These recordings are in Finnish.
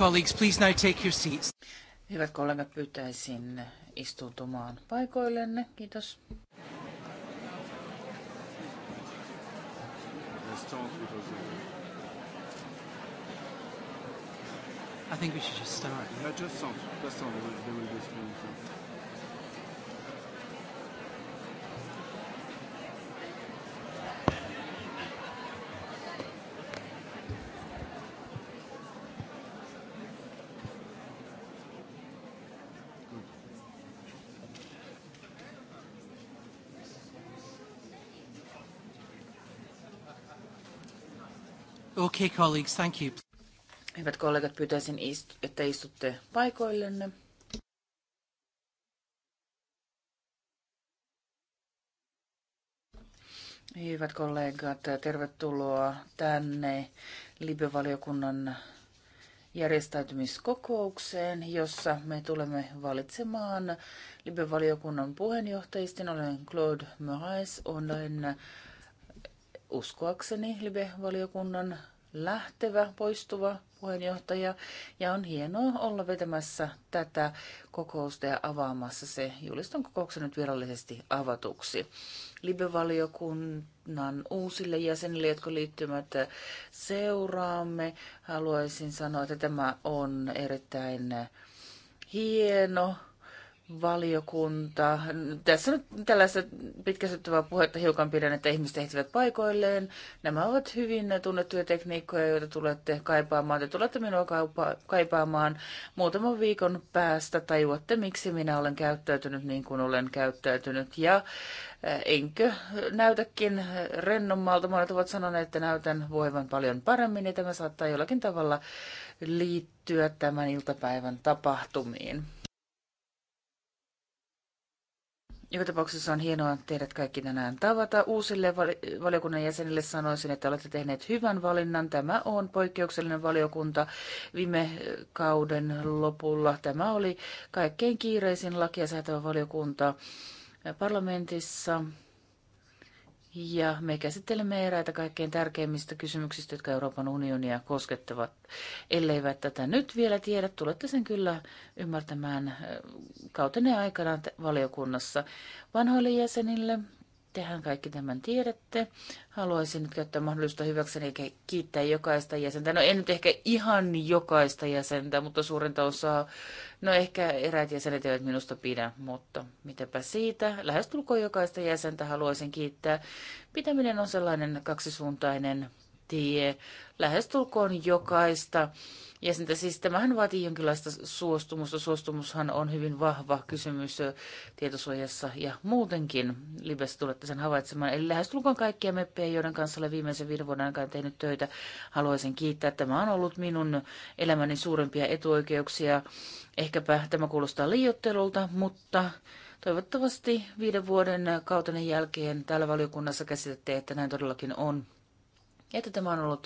Colleagues, please now take your seats. Hyvät kollegat, pyytäisin istuutumaan paikoillenne. Kiitos. I think we should just start. Yeah, just start. Just start. There will be Okay, colleagues, thank you. Hyvät kollegat, pyytäisin, että istutte paikoillenne. Hyvät kollegat, tervetuloa tänne Libevaliokunnan järjestäytymiskokoukseen, jossa me tulemme valitsemaan Libevaliokunnan puheenjohtajistin. Olen Claude Moraes, olen uskoakseni Libe-valiokunnan lähtevä, poistuva puheenjohtaja, ja on hienoa olla vetämässä tätä kokousta ja avaamassa se juliston kokouksen nyt virallisesti avatuksi. Libevaliokunnan uusille jäsenille, jotka liittyvät äh, seuraamme, haluaisin sanoa, että tämä on erittäin äh, hieno valiokunta. Tässä nyt tällaista pitkästyttävää puhetta hiukan pidän, että ihmiset ehtivät paikoilleen. Nämä ovat hyvin tunnettuja tekniikkoja, joita tulette kaipaamaan. Te tulette minua kaupa- kaipaamaan muutaman viikon päästä. Tajuatte, miksi minä olen käyttäytynyt niin kuin olen käyttäytynyt. Ja eh, enkö näytäkin rennommalta. Monet ovat sanoneet, että näytän voivan paljon paremmin ja tämä saattaa jollakin tavalla liittyä tämän iltapäivän tapahtumiin. Joka tapauksessa on hienoa teidät kaikki tänään tavata. Uusille valiokunnan jäsenille sanoisin, että olette tehneet hyvän valinnan. Tämä on poikkeuksellinen valiokunta. Viime kauden lopulla tämä oli kaikkein kiireisin lakia säätävä valiokunta parlamentissa. Ja me käsittelemme eräitä kaikkein tärkeimmistä kysymyksistä, jotka Euroopan unionia koskettavat. Elleivät tätä nyt vielä tiedä, tulette sen kyllä ymmärtämään äh, kautenne aikana valiokunnassa. Vanhoille jäsenille Tehän kaikki tämän tiedätte. Haluaisin nyt käyttää mahdollisuutta hyväkseni eikä kiittää jokaista jäsentä. No en nyt ehkä ihan jokaista jäsentä, mutta suurinta osaa. No ehkä eräät jäsenet eivät minusta pidä, mutta mitäpä siitä. Lähestulkoon jokaista jäsentä haluaisin kiittää. Pitäminen on sellainen kaksisuuntainen tie. Lähestulkoon jokaista sitten Siis tämähän vaatii jonkinlaista suostumusta. Suostumushan on hyvin vahva kysymys tietosuojassa ja muutenkin. Libessä tulette sen havaitsemaan. Eli lähestulkoon kaikkia meppejä, joiden kanssa olen viimeisen viiden vuoden aikana tehnyt töitä. Haluaisin kiittää. Tämä on ollut minun elämäni suurimpia etuoikeuksia. Ehkäpä tämä kuulostaa liiottelulta, mutta toivottavasti viiden vuoden kautenen jälkeen täällä valiokunnassa käsitätte, että näin todellakin on. Että tämä on ollut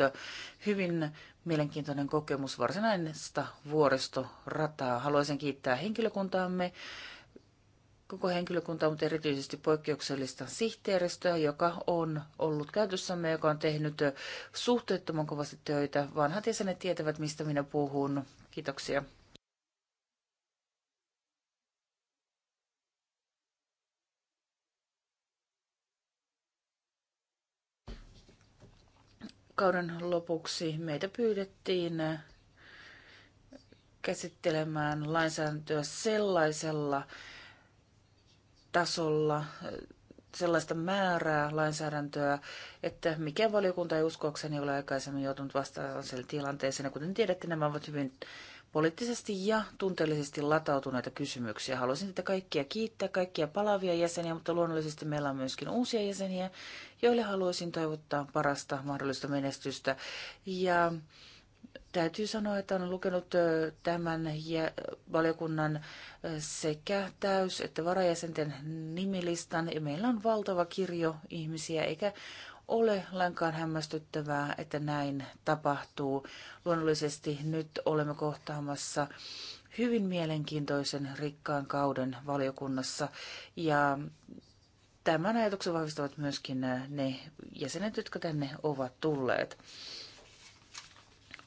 hyvin mielenkiintoinen kokemus varsinaista vuoristorataa. Haluaisin kiittää henkilökuntaamme, koko henkilökuntaa, mutta erityisesti poikkeuksellista sihteeristöä, joka on ollut käytössämme, joka on tehnyt suhteettoman kovasti töitä. Vanhat jäsenet tietävät, mistä minä puhun. Kiitoksia. kauden lopuksi meitä pyydettiin käsittelemään lainsäädäntöä sellaisella tasolla, sellaista määrää lainsäädäntöä, että mikä valiokunta ei uskoakseni ole aikaisemmin joutunut sille tilanteeseen. Kuten tiedätte, nämä ovat hyvin poliittisesti ja tunteellisesti latautuneita kysymyksiä. Haluaisin teitä kaikkia kiittää, kaikkia palavia jäseniä, mutta luonnollisesti meillä on myöskin uusia jäseniä, joille haluaisin toivottaa parasta mahdollista menestystä. Ja täytyy sanoa, että olen lukenut tämän valiokunnan sekä täys- että varajäsenten nimilistan, ja meillä on valtava kirjo ihmisiä, eikä ole lainkaan hämmästyttävää, että näin tapahtuu. Luonnollisesti nyt olemme kohtaamassa hyvin mielenkiintoisen rikkaan kauden valiokunnassa ja Tämän ajatuksen vahvistavat myöskin äh, ne jäsenet, jotka tänne ovat tulleet.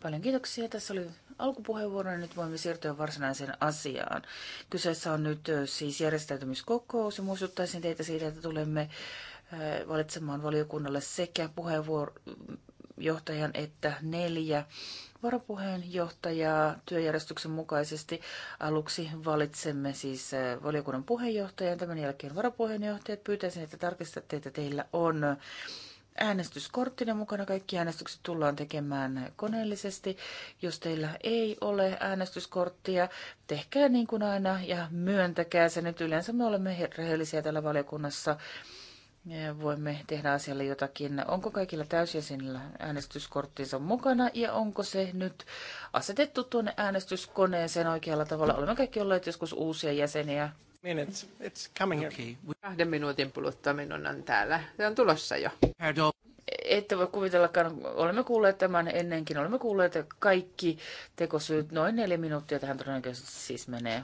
Paljon kiitoksia. Tässä oli alkupuheenvuoro ja nyt voimme siirtyä varsinaiseen asiaan. Kyseessä on nyt äh, siis järjestäytymiskokous ja muistuttaisin teitä siitä, että tulemme äh, valitsemaan valiokunnalle sekä puheenvuoro, johtajan että neljä varapuheenjohtajaa työjärjestyksen mukaisesti. Aluksi valitsemme siis äh, valiokunnan puheenjohtajan, tämän jälkeen varapuheenjohtajat. Pyytäisin, että tarkistatte, että teillä on äänestyskorttina mukana. Kaikki äänestykset tullaan tekemään koneellisesti. Jos teillä ei ole äänestyskorttia, tehkää niin kuin aina ja myöntäkää se nyt. Yleensä me olemme rehellisiä täällä valiokunnassa voimme tehdä asialle jotakin. Onko kaikilla täysjäsenillä äänestyskorttinsa mukana ja onko se nyt asetettu tuonne äänestyskoneeseen oikealla tavalla? Olemme kaikki olleet joskus uusia jäseniä. Minutes. It's coming here. Okay. Kahden minuutin puluttaminen minun on täällä. Se on tulossa jo. Ette voi kuvitellakaan, olemme kuulleet tämän ennenkin, olemme kuulleet kaikki tekosyyt. Noin neljä minuuttia tähän todennäköisesti siis menee.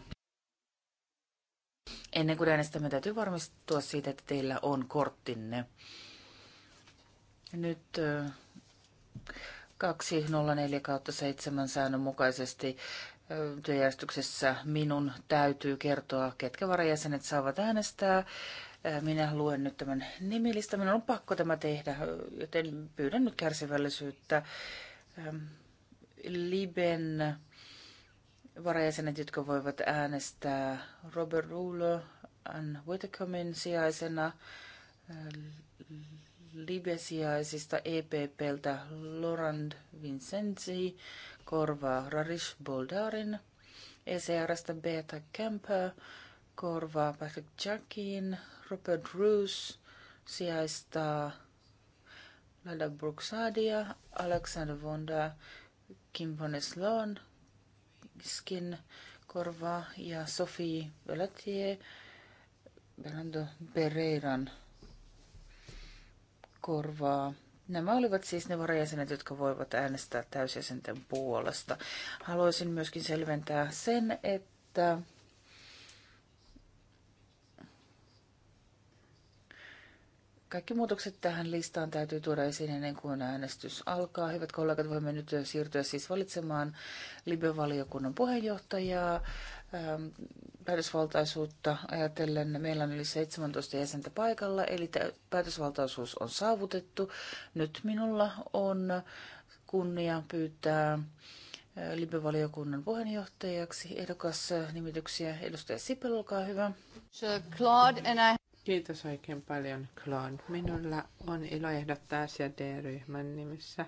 Ennen kuin äänestämme, täytyy varmistua siitä, että teillä on korttinne. Nyt 204 kautta 7 säännön mukaisesti työjärjestyksessä minun täytyy kertoa, ketkä varajäsenet saavat äänestää. Minä luen nyt tämän nimilistä. Minun on pakko tämä tehdä, joten pyydän nyt kärsivällisyyttä. Liben varajäsenet, jotka voivat äänestää Robert Rule Ann Whittacomin sijaisena, äh, Libesiaisista EPPltä Laurent Vincenzi korvaa Rarish Boldarin, ECRstä Beta Kemper korvaa Patrick Jackin, Robert Roos sijaista Lada Bruxadia, Alexander Vonda, Kim Von Eslon, Skin Korva ja Sophie Bellatier Belando Pereiran korvaa. Nämä olivat siis ne varajäsenet, jotka voivat äänestää täysjäsenten puolesta. Haluaisin myöskin selventää sen, että Kaikki muutokset tähän listaan täytyy tuoda esiin ennen kuin äänestys alkaa. Hyvät kollegat, voimme nyt siirtyä siis valitsemaan Libe-valiokunnan puheenjohtajaa. Päätösvaltaisuutta ajatellen meillä on yli 17 jäsentä paikalla, eli päätösvaltaisuus on saavutettu. Nyt minulla on kunnia pyytää Libe-valiokunnan puheenjohtajaksi ehdokas nimityksiä. Edustaja Sipel, olkaa hyvä. Claude and I... Kiitos oikein paljon, Claude. Minulla on ilo ehdottaa asia D-ryhmän nimissä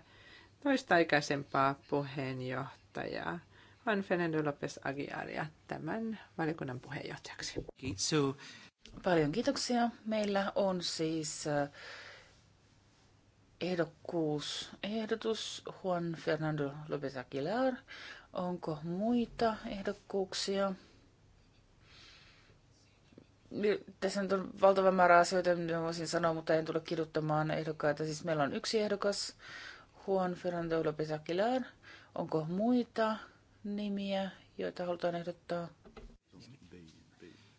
toista aikaisempaa puheenjohtajaa. Juan Fernando López Aguiaria tämän valiokunnan puheenjohtajaksi. Kiitos. Paljon kiitoksia. Meillä on siis äh, ehdokkuus, ehdotus Juan Fernando López Aguilar. Onko muita ehdokkuuksia? tässä on valtava määrä asioita, mitä voisin sanoa, mutta en tule kiduttamaan ehdokkaita. Siis meillä on yksi ehdokas, Juan Fernando López Aguilar. Onko muita nimiä, joita halutaan ehdottaa?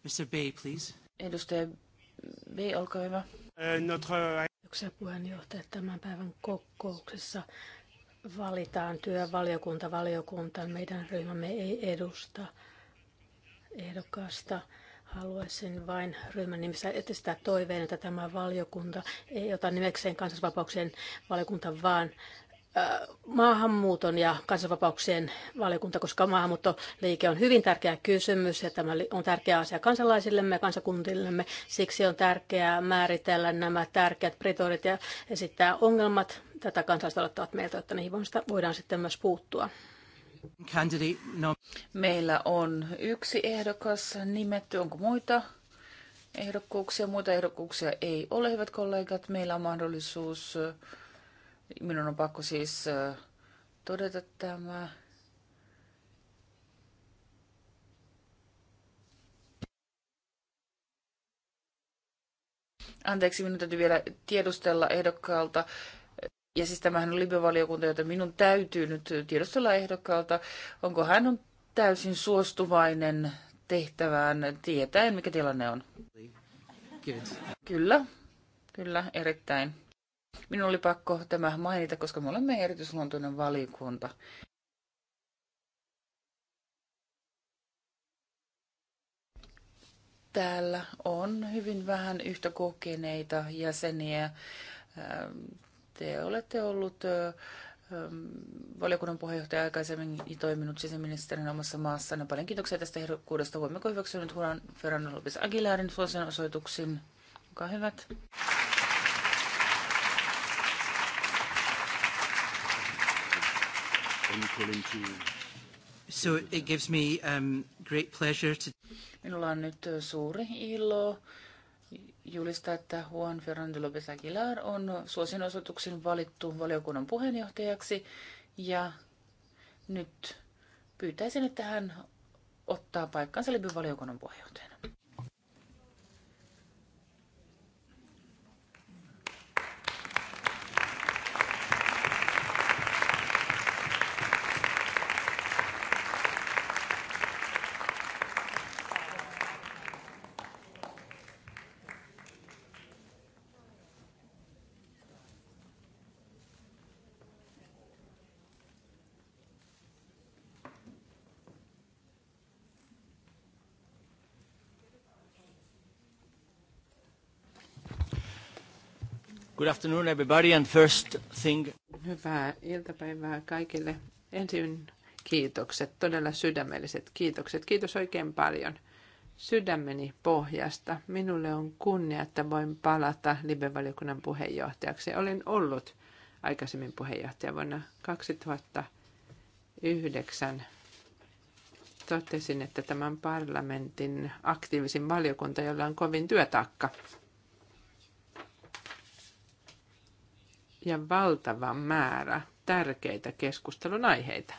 Mr. Bay, please. Edustaja Bay, olkaa hyvä. Eh, Kiitoksia puheenjohtaja. Tämän päivän kokouksessa valitaan työvaliokunta valiokuntaan. Meidän ryhmämme ei edusta ehdokasta Haluaisin vain ryhmän nimissä esittää toiveen, että tämä valiokunta ei ota nimekseen kansanvapauksien valiokunta, vaan maahanmuuton ja kansanvapauksien valiokunta, koska maahanmuuttoliike on hyvin tärkeä kysymys ja tämä on tärkeä asia kansalaisillemme ja kansakuntillemme. Siksi on tärkeää määritellä nämä tärkeät pretorit ja esittää ongelmat tätä kansalaisaloittavat meiltä, että niihin voidaan sitten myös puuttua. Meillä on yksi ehdokas nimetty. Onko muita ehdokkuuksia? Muita ehdokkuuksia ei ole, hyvät kollegat. Meillä on mahdollisuus, minun on pakko siis todeta tämä. Anteeksi, minun täytyy vielä tiedustella ehdokkaalta, ja siis tämähän on libevaliokunta, jota minun täytyy nyt tiedostella ehdokkaalta, onko hän on täysin suostuvainen tehtävään tietäen, mikä tilanne on. Good. Kyllä, kyllä, erittäin. Minun oli pakko tämä mainita, koska me olemme erityisluontoinen valiokunta. Täällä on hyvin vähän yhtä kokeneita jäseniä ähm, te olette ollut valiokunnan puheenjohtaja aikaisemmin toiminut sisäministerin omassa maassa no Paljon kiitoksia tästä herkkuudesta. Voimmeko hyväksyä nyt Juan Fernando López Aguilarin suosion osoituksin? Olkaa hyvät. So it gives me um, great pleasure to... Minulla on nyt suuri ilo julistaa, että Juan Fernando López Aguilar on suosionosoituksen valittu valiokunnan puheenjohtajaksi ja nyt pyytäisin, että hän ottaa paikkansa Libyn valiokunnan puheenjohtajana. Good afternoon everybody and first thing... Hyvää iltapäivää kaikille. Ensin kiitokset, todella sydämelliset kiitokset. Kiitos oikein paljon sydämeni pohjasta. Minulle on kunnia, että voin palata Libe-valiokunnan puheenjohtajaksi. Olen ollut aikaisemmin puheenjohtaja vuonna 2009. Totesin, että tämän parlamentin aktiivisin valiokunta, jolla on kovin työtaakka ja valtava määrä tärkeitä keskustelun aiheita.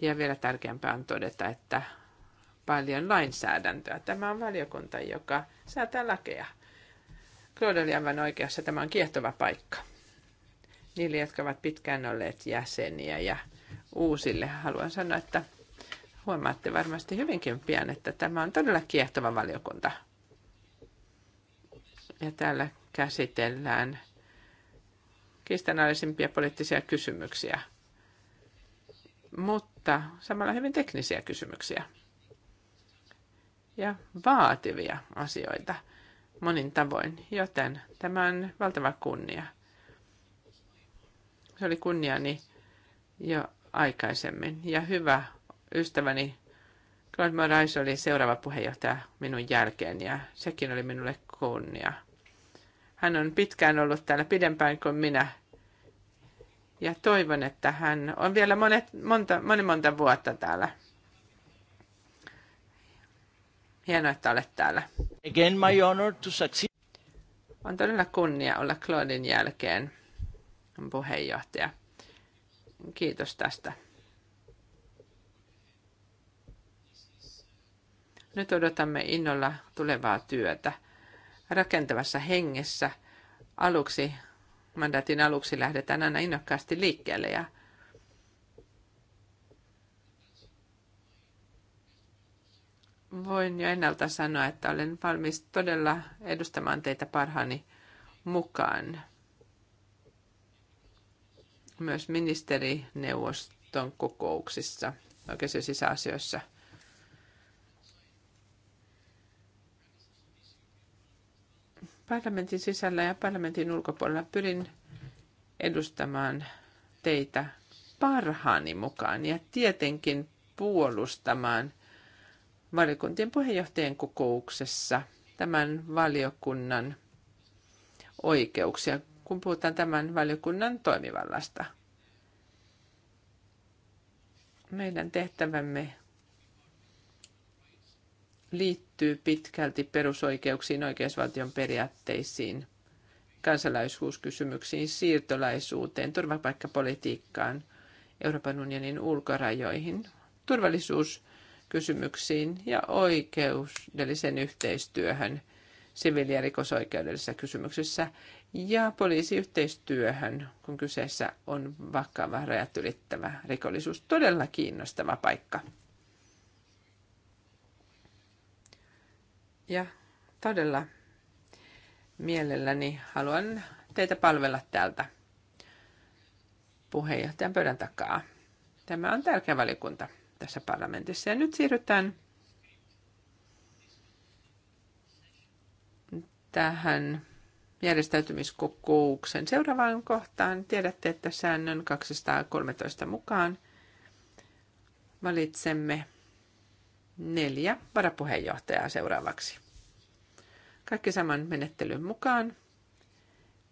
Ja vielä tärkeämpää on todeta, että paljon lainsäädäntöä. Tämä on valiokunta, joka säätää lakeja. Claude oli aivan oikeassa, tämä on kiehtova paikka. Niille, jotka ovat pitkään olleet jäseniä ja uusille, haluan sanoa, että huomaatte varmasti hyvinkin pian, että tämä on todella kiehtova valiokunta. Ja täällä käsitellään kiistanalaisimpia poliittisia kysymyksiä, mutta samalla hyvin teknisiä kysymyksiä ja vaativia asioita monin tavoin, joten tämä on valtava kunnia. Se oli kunniani jo aikaisemmin ja hyvä ystäväni Claude Moraes oli seuraava puheenjohtaja minun jälkeen ja sekin oli minulle kunnia. Hän on pitkään ollut täällä pidempään kuin minä. Ja toivon, että hän on vielä monet, monta, moni monta vuotta täällä. Hienoa, että olet täällä. Again my honor to succeed. On todella kunnia olla Claudin jälkeen puheenjohtaja. Kiitos tästä. Nyt odotamme innolla tulevaa työtä rakentavassa hengessä aluksi, mandaatin aluksi lähdetään aina innokkaasti liikkeelle ja voin jo ennalta sanoa, että olen valmis todella edustamaan teitä parhaani mukaan. Myös ministerineuvoston kokouksissa, oikeus- ja sisäasioissa – Parlamentin sisällä ja parlamentin ulkopuolella pyrin edustamaan teitä parhaani mukaan ja tietenkin puolustamaan valiokuntien puheenjohtajien kokouksessa tämän valiokunnan oikeuksia, kun puhutaan tämän valiokunnan toimivallasta. Meidän tehtävämme liittyy pitkälti perusoikeuksiin, oikeusvaltion periaatteisiin, kansalaisuuskysymyksiin, siirtolaisuuteen, turvapaikkapolitiikkaan, Euroopan unionin ulkorajoihin, turvallisuuskysymyksiin ja oikeudelliseen yhteistyöhön siviili- ja rikosoikeudellisissa kysymyksissä ja poliisiyhteistyöhön, kun kyseessä on vakava rajat ylittävä rikollisuus. Todella kiinnostava paikka. Ja todella mielelläni haluan teitä palvella täältä puheenjohtajan pöydän takaa. Tämä on tärkeä valikunta tässä parlamentissa. Ja nyt siirrytään tähän järjestäytymiskokouksen seuraavaan kohtaan. Tiedätte, että säännön 213 mukaan valitsemme neljä varapuheenjohtajaa seuraavaksi. Kaikki saman menettelyn mukaan.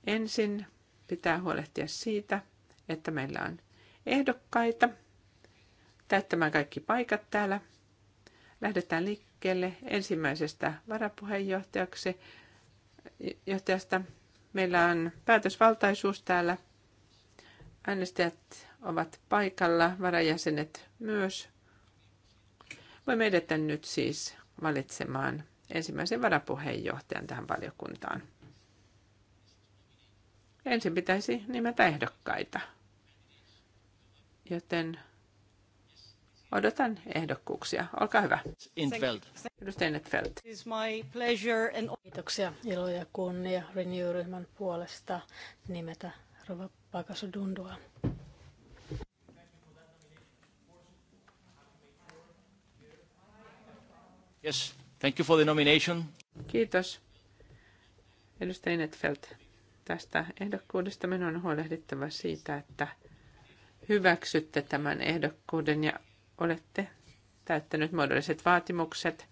Ensin pitää huolehtia siitä, että meillä on ehdokkaita täyttämään kaikki paikat täällä. Lähdetään liikkeelle ensimmäisestä varapuheenjohtajaksi. Johtajasta meillä on päätösvaltaisuus täällä. Äänestäjät ovat paikalla, varajäsenet myös. Voimme edetä nyt siis valitsemaan ensimmäisen varapuheenjohtajan tähän valiokuntaan. Ensin pitäisi nimetä ehdokkaita, joten odotan ehdokkuuksia. Olkaa hyvä. Intfeld. Edustaja Intfeld. Kiitoksia, ilo ja kunnia Renew-ryhmän puolesta nimetä Rova Pakasudundua Yes, thank you for the nomination. Kiitos edustaja Netfeldt tästä ehdokkuudesta. Minun on huolehdittava siitä, että hyväksytte tämän ehdokkuuden ja olette täyttänyt muodolliset vaatimukset,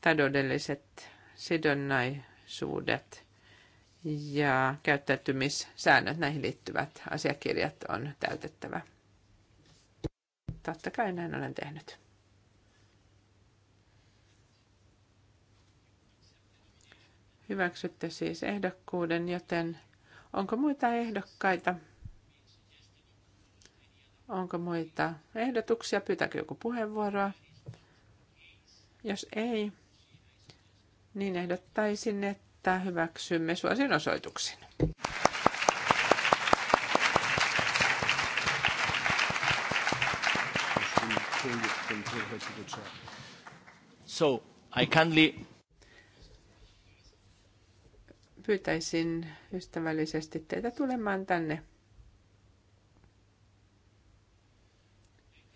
taloudelliset sidonnaisuudet ja käyttäytymissäännöt, näihin liittyvät asiakirjat on täytettävä. Totta kai näin olen tehnyt. Hyväksytte siis ehdokkuuden, joten onko muita ehdokkaita? Onko muita ehdotuksia? Pyytääkö joku puheenvuoroa? Jos ei, niin ehdottaisin, että hyväksymme suosin osoituksen. So, I kindly pyytäisin ystävällisesti teitä tulemaan tänne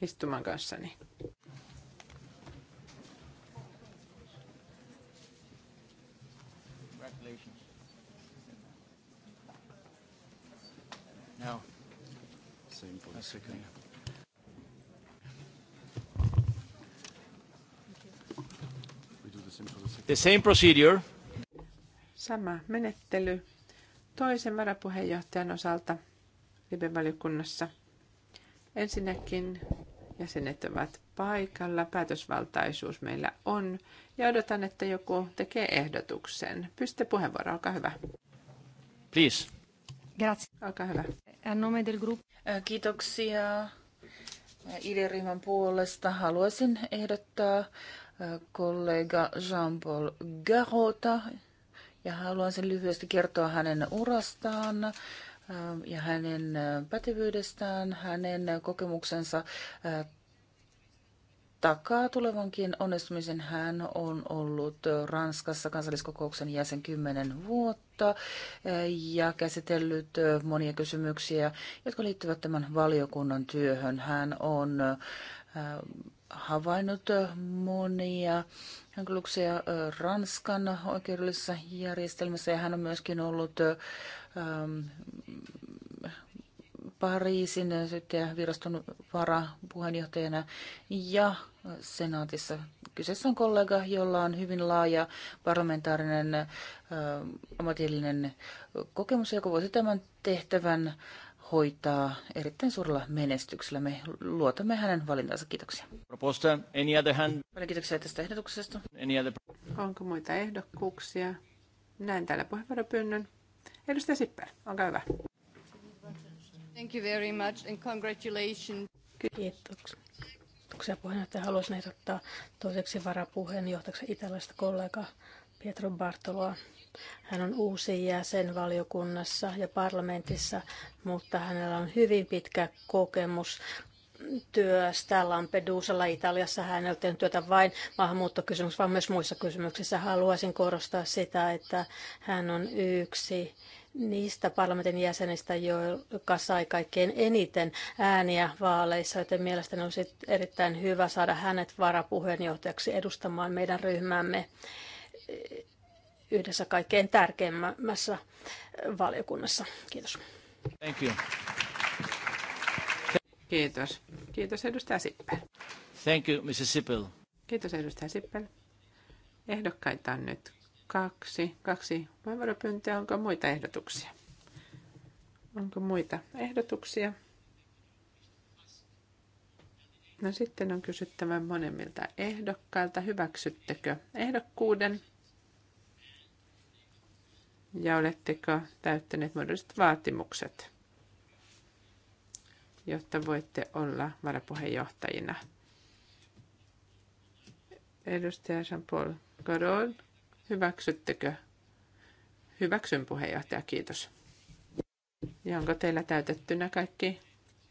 istumaan kanssani. Now. Same for the second. The same procedure. Sama menettely toisen varapuheenjohtajan osalta libe valiokunnassa Ensinnäkin jäsenet ovat paikalla, päätösvaltaisuus meillä on ja odotan, että joku tekee ehdotuksen. Pyste puheenvuoro, olkaa hyvä. Please. Grazie. Olkaa hyvä. Nome del group. Kiitoksia. ID-ryhmän puolesta haluaisin ehdottaa kollega Jean-Paul Garota ja haluan sen lyhyesti kertoa hänen urastaan äh, ja hänen äh, pätevyydestään, hänen kokemuksensa äh, takaa tulevankin onnistumisen. Hän on ollut Ranskassa kansalliskokouksen jäsen 10 vuotta ja käsitellyt monia kysymyksiä, jotka liittyvät tämän valiokunnan työhön. Hän on havainnut monia hankaluuksia Ranskan oikeudellisessa järjestelmässä ja hän on myöskin ollut ähm, Pariisin viraston varapuheenjohtajana ja senaatissa. Kyseessä on kollega, jolla on hyvin laaja parlamentaarinen äh, ammatillinen kokemus, joka voisi tämän tehtävän hoitaa erittäin suurella menestyksellä. Me luotamme hänen valintansa. Kiitoksia. Proposta, any other hand? Paljon kiitoksia tästä ehdotuksesta. Any other... Onko muita ehdokkuuksia? Näin täällä puheenvuoropyynnön. Edustaja Sippel, olkaa hyvä. Thank you very much and congratulations. Kiitoksia. Kiitoksia puheenjohtaja. Haluaisin ehdottaa toiseksi varapuheenjohtajaksi itälaista kollegaa Pietro Bartoloa. Hän on uusi jäsen valiokunnassa ja parlamentissa, mutta hänellä on hyvin pitkä kokemus työstä Lampedusalla Italiassa. Hän ei tehnyt työtä vain maahanmuuttokysymyksissä, vaan myös muissa kysymyksissä. Haluaisin korostaa sitä, että hän on yksi niistä parlamentin jäsenistä, joka sai kaikkein eniten ääniä vaaleissa, joten mielestäni olisi erittäin hyvä saada hänet varapuheenjohtajaksi edustamaan meidän ryhmämme yhdessä kaikkein tärkeimmässä valiokunnassa. Kiitos. Thank you. Kiitos. Kiitos edustaja Sippel. Thank you, Mrs. Sippel. Kiitos edustaja Sippel. Ehdokkaita on nyt kaksi. Kaksi puheenvuoropyyntöä. Onko muita ehdotuksia? Onko muita ehdotuksia? No sitten on kysyttävä monemmilta ehdokkailta, hyväksyttekö ehdokkuuden? ja oletteko täyttäneet muodolliset vaatimukset, jotta voitte olla varapuheenjohtajina. Edustaja Jean-Paul Godot, hyväksyttekö? Hyväksyn puheenjohtaja, kiitos. Ja onko teillä täytettynä kaikki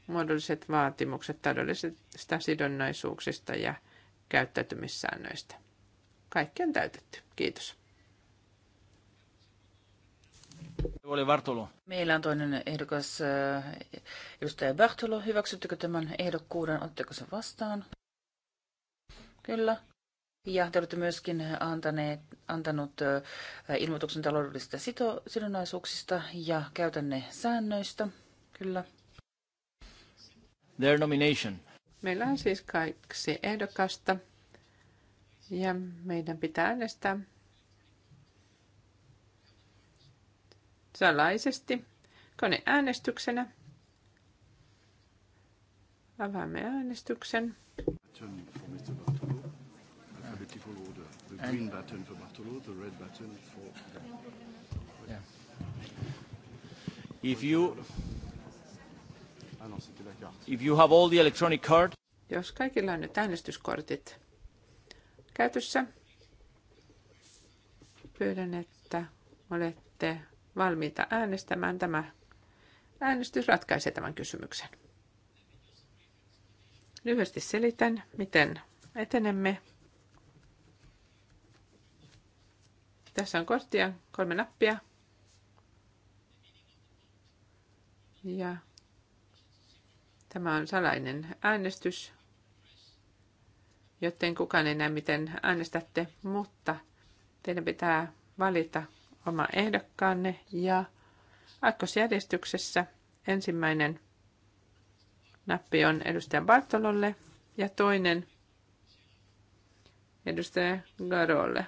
muodolliset vaatimukset taloudellisista sidonnaisuuksista ja käyttäytymissäännöistä? Kaikki on täytetty. Kiitos. Oli Meillä on toinen ehdokas, äh, edustaja Bartolo. Hyväksyttekö tämän ehdokkuuden? Otteko sen vastaan? Kyllä. Ja te olette myöskin antaneet, antanut äh, ilmoituksen taloudellisista sidonnaisuuksista ja käytänne säännöistä. Kyllä. Their nomination. Meillä on siis kaksi ehdokasta ja meidän pitää äänestää salaisesti koneäänestyksenä. Avaamme äänestyksen. If you, ah, if you have all the electronic card. Jos kaikilla on nyt äänestyskortit käytössä, pyydän, että olette valmiita äänestämään. Tämä äänestys ratkaisee tämän kysymyksen. Lyhyesti selitän, miten etenemme. Tässä on korttia, kolme nappia. Ja tämä on salainen äänestys, joten kukaan ei näe, miten äänestätte, mutta teidän pitää valita oma ehdokkaanne ja aikosjärjestyksessä ensimmäinen nappi on edustaja Bartololle ja toinen edustaja Garolle.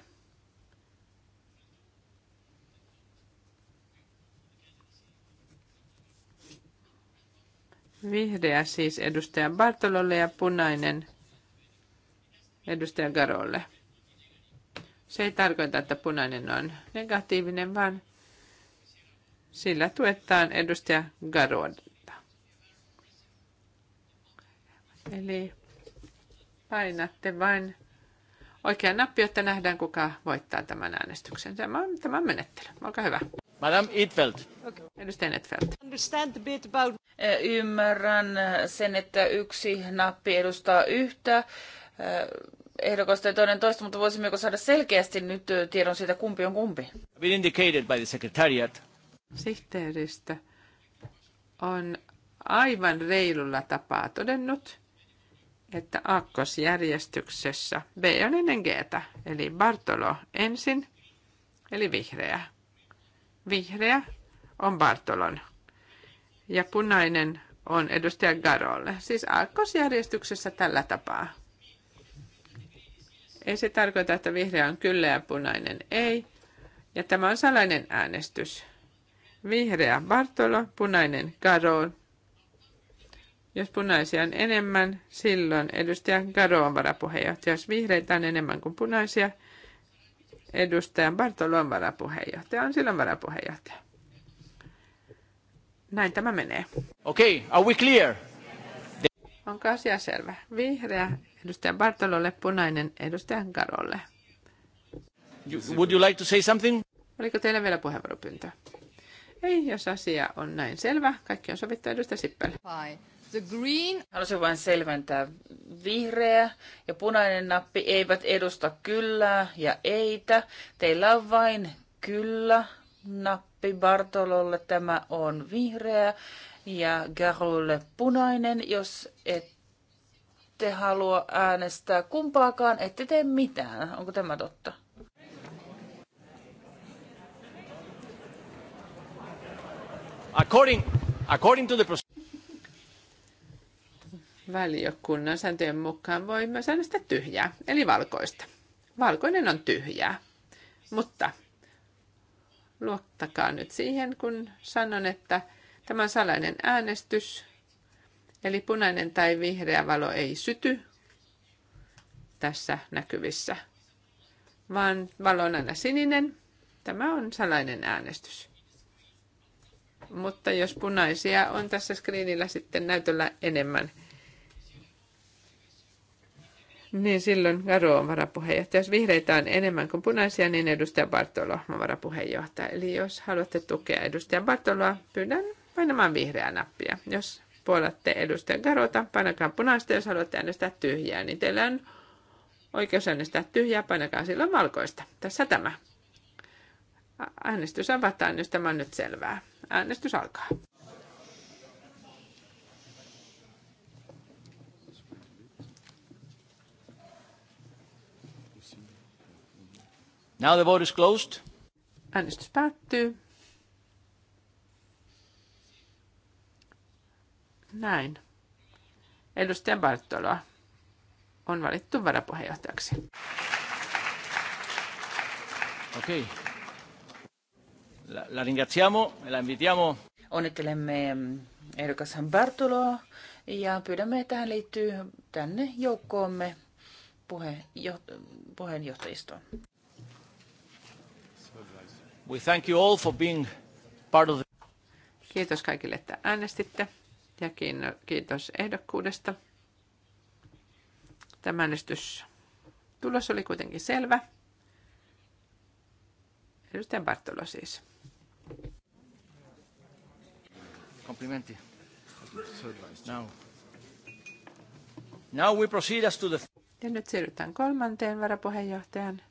Vihreä siis edustaja Bartololle ja punainen edustaja Garolle. Se ei tarkoita, että punainen on negatiivinen, vaan sillä tuetaan edustaja Garodetta. Eli painatte vain oikea nappi, jotta nähdään, kuka voittaa tämän äänestyksen. Tämä on, tämä on menettely. Olkaa hyvä. Madame Itfeld. Okay. Edustaja bit About... Ymmärrän sen, että yksi nappi edustaa yhtä ehdokasta ja toinen toista, mutta voisimmeko saada selkeästi nyt tiedon siitä, kumpi on kumpi? indicated by the secretariat. Sihteeristä on aivan reilulla tapaa todennut, että aakkosjärjestyksessä B on ennen G, eli Bartolo ensin, eli vihreä. Vihreä on Bartolon ja punainen on edustaja Garolle. Siis aakkosjärjestyksessä tällä tapaa. Ei se tarkoita, että vihreä on kyllä ja punainen ei. Ja tämä on salainen äänestys. Vihreä Bartolo, punainen Garo. Jos punaisia on enemmän, silloin edustaja Garo on varapuheenjohtaja. Jos vihreitä on enemmän kuin punaisia, edustaja Bartolo on varapuheenjohtaja. On silloin varapuheenjohtaja. Näin tämä menee. Okei, okay, are we clear? Onko asia selvä? Vihreä edustaja Bartololle, punainen edustaja Karolle. Would you like to say something? Oliko teillä vielä puheenvuoropyyntö? Ei, jos asia on näin selvä. Kaikki on sovittu edustaja Sippel. The green... Haluaisin vain selventää. Vihreä ja punainen nappi eivät edusta kyllä ja eitä. Teillä on vain kyllä nappi Bartololle. Tämä on vihreä ja Garulle punainen. Jos ette halua äänestää kumpaakaan, ette tee mitään. Onko tämä totta? According, according to the Valiokunnan sääntöjen mukaan voi myös äänestää tyhjää, eli valkoista. Valkoinen on tyhjää, mutta luottakaa nyt siihen, kun sanon, että Tämä on salainen äänestys, eli punainen tai vihreä valo ei syty tässä näkyvissä, vaan valo on aina sininen. Tämä on salainen äänestys. Mutta jos punaisia on tässä screenillä sitten näytöllä enemmän, niin silloin Garo on varapuheenjohtaja. Jos vihreitä on enemmän kuin punaisia, niin edustaja Bartolo on varapuheenjohtaja. Eli jos haluatte tukea edustaja Bartoloa, pyydän painamaan vihreää nappia. Jos puolatte edustajan karota, painakaa punaista, jos haluatte äänestää tyhjää, niin teillä on oikeus äänestää tyhjää, painakaa silloin valkoista. Tässä tämä. Äänestys avataan, jos tämä on nyt selvää. Äänestys alkaa. Now the vote is closed. Äänestys päättyy. Näin. Edustaja Bartoloa on valittu varapuheenjohtajaksi. Okei. Okay. La, la ringraziamo, la invitiamo. Onnittelemme mm, ehdokas Bartoloa ja pyydämme, että hän liittyy tänne joukkoomme puheenjohtajistoon. We thank you all for being part of the... Kiitos kaikille, että äänestitte ja kiitos ehdokkuudesta. Tämä äänestys tulos oli kuitenkin selvä. Edustaja Bartolo siis. Komplimentti. Now. Now we proceed as to the... Ja nyt siirrytään kolmanteen varapuheenjohtajan.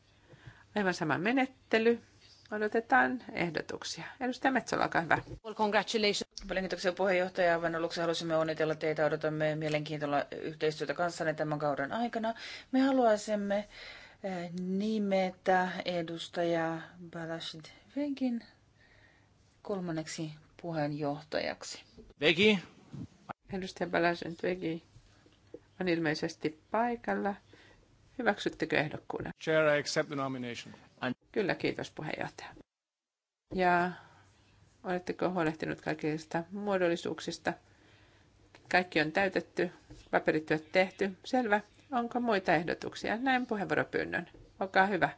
Aivan sama menettely. Odotetaan ehdotuksia. Edustaja Metsola, olkaa hyvä. Well, Paljon kiitoksia puheenjohtaja. Aivan aluksi halusimme onnitella teitä. Odotamme mielenkiintoista yhteistyötä kanssanne tämän kauden aikana. Me haluaisimme eh, nimetä edustaja Balashid Vegin kolmanneksi puheenjohtajaksi. Vegi. Edustaja Balashid Vegi on ilmeisesti paikalla. Hyväksyttekö ehdokkuuden? Chair, I accept the nomination. Kyllä, kiitos puheenjohtaja. Ja Oletteko huolehtinut kaikista muodollisuuksista? Kaikki on täytetty, paperityöt tehty. Selvä. Onko muita ehdotuksia? Näin puheenvuoropyynnön. Olkaa hyvä.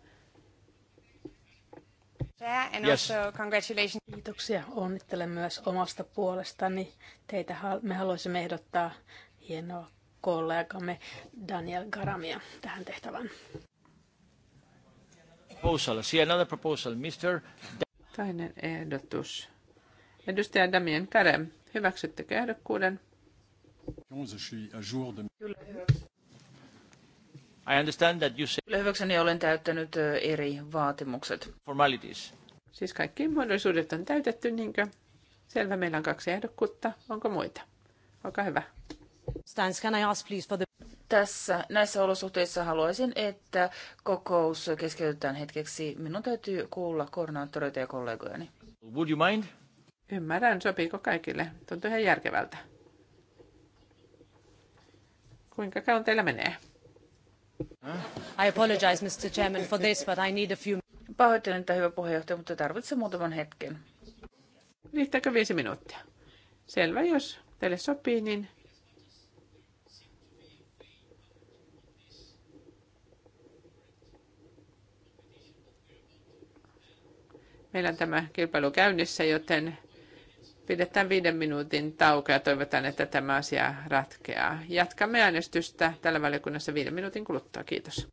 And yes. also congratulations. Kiitoksia. Onnittelen myös omasta puolestani. Teitä me haluaisimme ehdottaa hienoa kollegamme Daniel Garamia tähän tehtävään. Proposal. See another proposal, Mr. Toinen ehdotus. Edustaja Damien Karem, hyväksyttekö ehdokkuuden? I understand that you say... Kyllä hyväkseni olen täyttänyt eri vaatimukset. Formalities. Siis kaikki muodollisuudet on täytetty, niinkö? Selvä, meillä on kaksi ehdokkuutta. Onko muita? Olkaa hyvä. Stans, can I ask please for the... Tässä näissä olosuhteissa haluaisin, että kokous keskeytetään hetkeksi. Minun täytyy kuulla koordinaattoreita ja kollegojani. Would you mind? Ymmärrän, sopiiko kaikille. Tuntuu ihan järkevältä. Kuinka kauan teillä menee? I apologize, Mr. Chairman, for this, but I need a few... Pahoittelen, että hyvä puheenjohtaja, mutta tarvitsen muutaman hetken. Riittääkö viisi minuuttia? Selvä, jos teille sopii, niin meillä on tämä kilpailu käynnissä, joten Pidetään viiden minuutin tauko ja toivotaan, että tämä asia ratkeaa. Jatkamme äänestystä tällä valiokunnassa viiden minuutin kuluttua. Kiitos.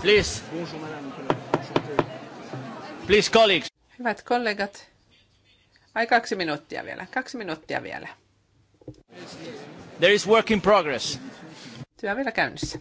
Please. Please, colleagues. Hyvät kollegat. Ai kaksi minuuttia vielä. Kaksi minuuttia vielä. There is work in progress. Työ vielä käynnissä.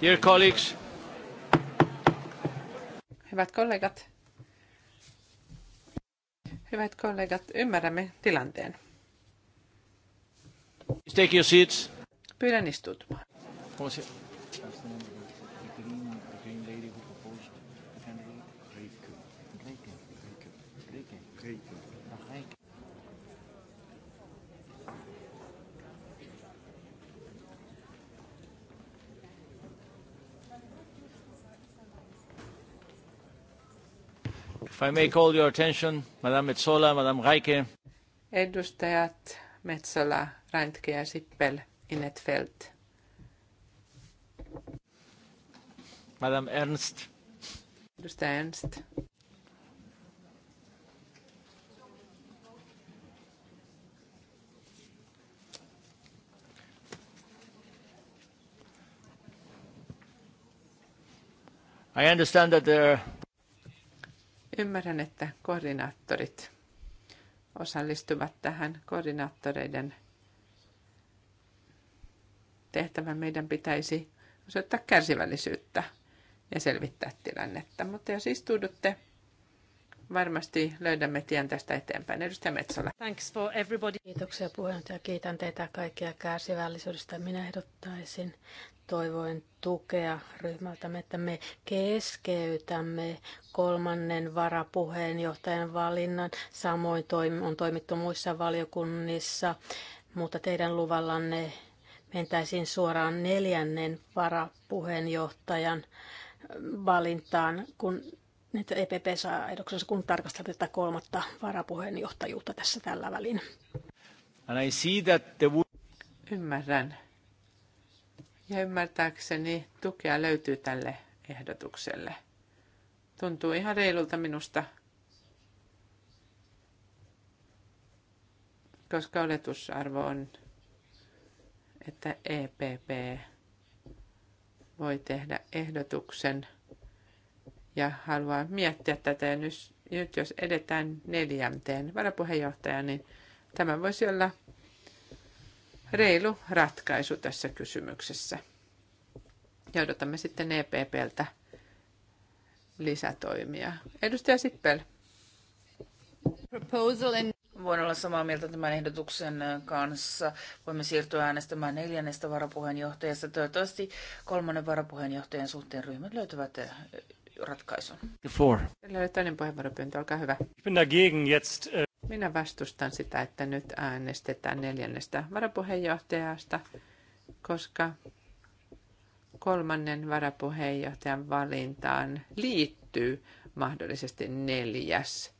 Dear colleagues. Hyvät kollegat. Hyvät kollegat, ymmärrämme tilanteen. Take your seats. Pyydän istuutumaan. I may call your attention, Madame Metsola, Madame Reike. Edustajat Metsola, Reintke ja Sippel, Innetfeldt. Madame Ernst. Edustaja Ernst. I understand that there Ymmärrän, että koordinaattorit osallistuvat tähän koordinaattoreiden tehtävän. Meidän pitäisi osoittaa kärsivällisyyttä ja selvittää tilannetta. Mutta jos istuudutte, varmasti löydämme tien tästä eteenpäin. Edustaja Metsola. Thanks for everybody. Kiitoksia puheenjohtaja. Kiitän teitä kaikkia kärsivällisyydestä. Minä ehdottaisin toivoin tukea ryhmältämme, että me keskeytämme kolmannen varapuheenjohtajan valinnan. Samoin on toimittu muissa valiokunnissa, mutta teidän luvallanne mentäisiin suoraan neljännen varapuheenjohtajan valintaan, kun nyt EPP saa edoksensa, kun tarkastaa tätä kolmatta varapuheenjohtajuutta tässä tällä välin. Ymmärrän, ja ymmärtääkseni tukea löytyy tälle ehdotukselle. Tuntuu ihan reilulta minusta, koska oletusarvo on, että EPP voi tehdä ehdotuksen ja haluaa miettiä tätä. Ja nyt, nyt jos edetään neljänteen varapuheenjohtaja, niin tämä voisi olla reilu ratkaisu tässä kysymyksessä. Ja odotamme sitten EPPltä lisätoimia. Edustaja Sippel. Voin olla samaa mieltä tämän ehdotuksen kanssa. Voimme siirtyä äänestämään neljännestä varapuheenjohtajasta. Toivottavasti kolmannen varapuheenjohtajan suhteen ryhmät löytävät eh, ratkaisun. Four. floor. toinen puheenvuoropyyntö, olkaa hyvä. Ich bin dagegen jetzt eh, minä vastustan sitä, että nyt äänestetään neljännestä varapuheenjohtajasta, koska kolmannen varapuheenjohtajan valintaan liittyy mahdollisesti neljäs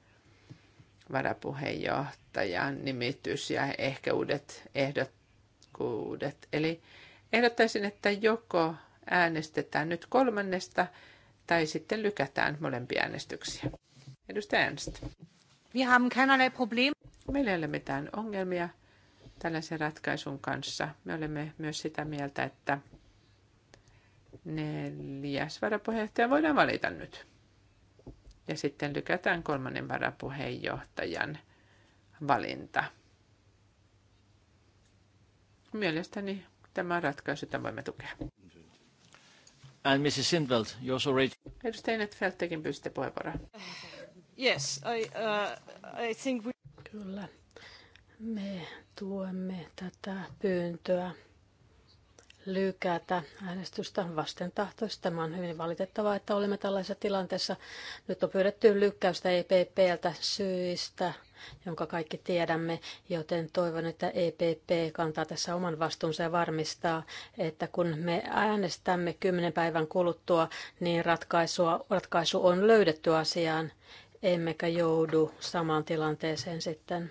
varapuheenjohtajan nimitys ja ehkä uudet ehdokkuudet. Eli ehdottaisin, että joko äänestetään nyt kolmannesta tai sitten lykätään molempia äänestyksiä. Edustaja Ernst. Wir haben keinerlei Meillä ei ole mitään ongelmia tällaisen ratkaisun kanssa. Me olemme myös sitä mieltä, että neljäs varapuheenjohtaja voidaan valita nyt. Ja sitten lykätään kolmannen varapuheenjohtajan valinta. Mielestäni tämä ratkaisu, jota voimme tukea. And Mrs. Sindveld, you're also Edustaja Netfeldt, tekin pyysitte puheenvuoroa. Äh, Yes, I, uh, I think we... Kyllä. Me tuemme tätä pyyntöä lykätä äänestystä vastentahtoista. Tämä on hyvin valitettavaa, että olemme tällaisessa tilanteessa. Nyt on pyydetty lykkäystä EPPltä syistä, jonka kaikki tiedämme, joten toivon, että EPP kantaa tässä oman vastuunsa ja varmistaa, että kun me äänestämme kymmenen päivän kuluttua, niin ratkaisua, ratkaisu on löydetty asiaan emmekä joudu samaan tilanteeseen sitten.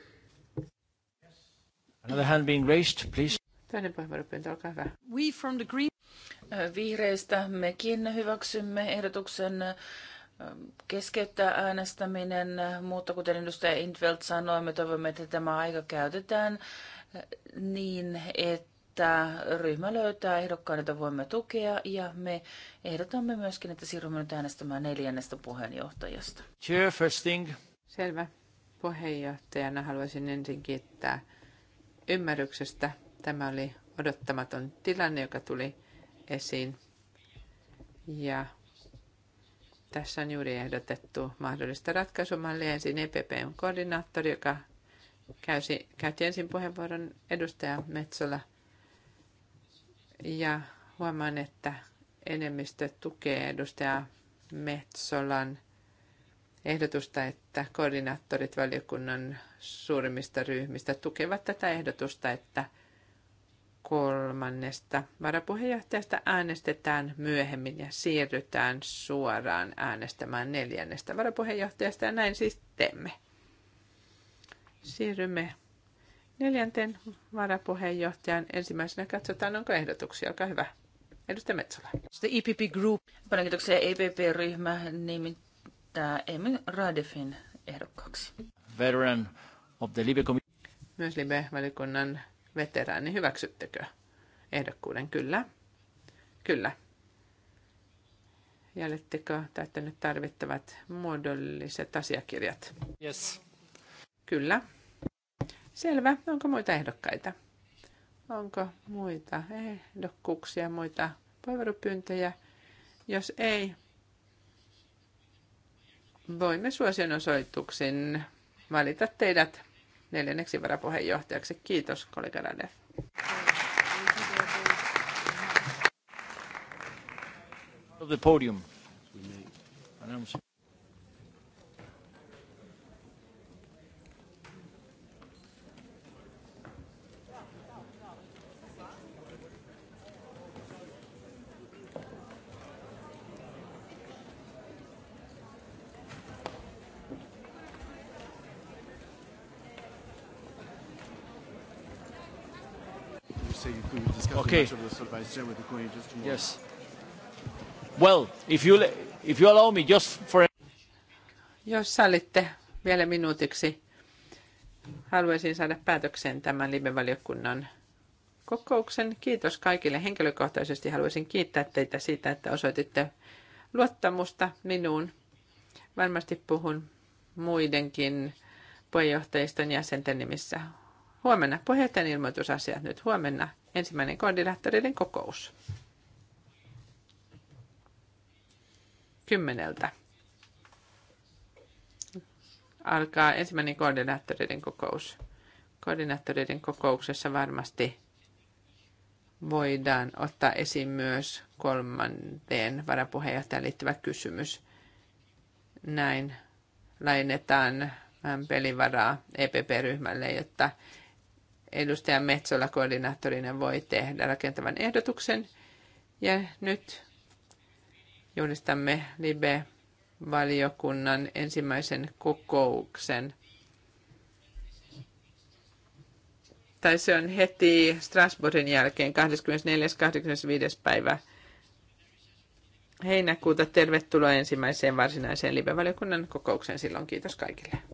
Another hand being raised, please. Toinen puheenvuoropyyntö, olkaa hyvä. We from the green... Äh, vihreistä mekin hyväksymme ehdotuksen äh, keskeyttää äänestäminen, äh, mutta kuten edustaja Intveld sanoi, me toivomme, että tämä aika käytetään niin, että että ryhmä löytää ehdokkaan, jota voimme tukea, ja me ehdotamme myöskin, että siirrymme nyt äänestämään neljännestä puheenjohtajasta. Chair, first thing. Selvä. Puheenjohtajana haluaisin ensin kiittää ymmärryksestä. Tämä oli odottamaton tilanne, joka tuli esiin. Ja tässä on juuri ehdotettu mahdollista ratkaisumallia ensin EPPn koordinaattori, joka käysi, käytti ensin puheenvuoron edustaja Metsola – ja huomaan, että enemmistö tukee edustaja Metsolan ehdotusta, että koordinaattorit valiokunnan suurimmista ryhmistä tukevat tätä ehdotusta, että kolmannesta varapuheenjohtajasta äänestetään myöhemmin ja siirrytään suoraan äänestämään neljännestä varapuheenjohtajasta ja näin siis teemme. Siirrymme neljänteen varapuheenjohtajan ensimmäisenä katsotaan, onko ehdotuksia. Olkaa hyvä. Edustaja Metsola. The EPP Group. Paljon kiitoksia EPP-ryhmä nimittää Emmy Radefin ehdokkaaksi. Veteran of the Libe Myös Libe-valikunnan veteraani, hyväksyttekö ehdokkuuden? Kyllä. Kyllä. Jäljettekö täyttänyt tarvittavat muodolliset asiakirjat? Yes. Kyllä. Selvä. Onko muita ehdokkaita? Onko muita ehdokkuuksia, muita puheenvuoropyyntöjä? Jos ei, voimme suosionosoituksen valita teidät neljänneksi varapuheenjohtajaksi. Kiitos, kollega Radev. Of the podium. you, you discussed okay. the of the vice chair with the coin just tomorrow. Yes. Well, if you, if you allow me just for... Jos sallitte vielä minuutiksi, haluaisin saada päätökseen tämän live-valiokunnan kokouksen. Kiitos kaikille. Henkilökohtaisesti haluaisin kiittää teitä siitä, että osoititte luottamusta minuun. Varmasti puhun muidenkin puheenjohtajiston jäsenten nimissä. Huomenna puheenjohtajan ilmoitusasiat nyt huomenna ensimmäinen koordinaattoreiden kokous. Kymmeneltä alkaa ensimmäinen koordinaattoreiden kokous. Koordinaattoreiden kokouksessa varmasti voidaan ottaa esiin myös kolmanteen varapuheenjohtajan liittyvä kysymys. Näin lainetaan pelivaraa EPP-ryhmälle, jotta edustaja Metsola koordinaattorina voi tehdä rakentavan ehdotuksen. Ja nyt julistamme Libe-valiokunnan ensimmäisen kokouksen. Tai se on heti Strasbourgin jälkeen 24.-25. päivä heinäkuuta. Tervetuloa ensimmäiseen varsinaiseen valiokunnan kokoukseen silloin. Kiitos kaikille.